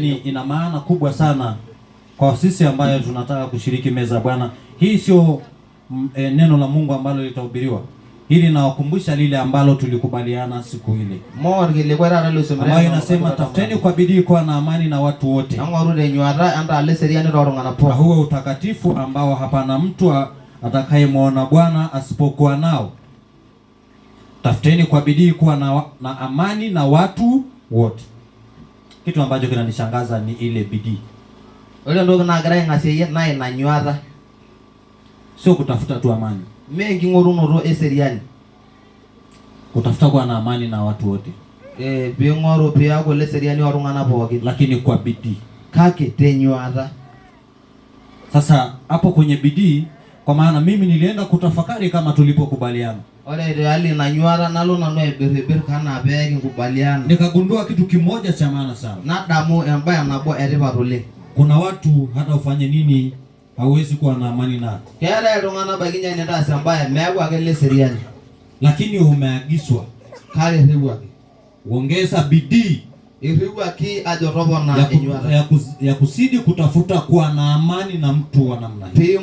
Ni ina maana kubwa sana kwa sisi ambayo tunataka kushiriki meza Bwana. Hii sio mm, e, neno la Mungu ambalo litahubiriwa, hili nawakumbusha lile ambalo tulikubaliana siku ile ambayo inasema, tafuteni kwa bidii kuwa na amani na watu wote, na huo utakatifu ambao hapana mtu atakayemwona Bwana asipokuwa nao. Tafuteni kwa bidii kuwa na, na amani na watu wote kitu ambacho kinanishangaza ni ile bidii. Ile ndio nagira ing'asie na inanyuata. Sio kutafuta tu amani. Mengi ng'orunoto eseriani. Kutafuta kuwa na amani na watu wote. Eh, ping'oru piaku ile seriani oltung'anak pookin. Lakini kwa bidii. Kake tenyuata. Sasa hapo kwenye bidii kwa maana mimi nilienda kutafakari kama tulipokubaliana. Ore reali nyuara nalo nanu aibiribir kana peeki kubaliana Nikagundua kitu kimoja cha maana sana. Nadamu embaya nabo eriva role Kuna watu hata ufanye nini hauwezi kuwa na amani nao. Keetae iltung'anak baiki nye nintaas embaye meeku ake leseriani. Lakini umeagiswa kale riwaki. Ongeza bidii ya, kusidi kutafuta kuwa na amani na mtu wa namna hiyo.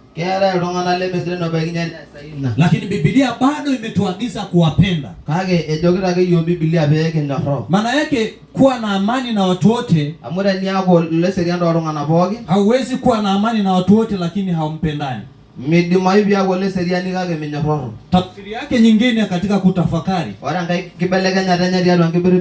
kera iltung'anak lemisirinobaiki nye lakini bibilia bado imetuagiza kuwapenda kake ejokita eh, ake yio bibilia pee kinyorro maana yake kuwa na amani na watu wote amu teniaku leserianto oltung'anak pooki hauwezi kuwa na amani na watu lakini haumpendani midimayu piaku leseriani kake minyorroro tafsiri yake nyingine katika kutafakari ore enkae kibelekenyata enye tiatua nkibiribi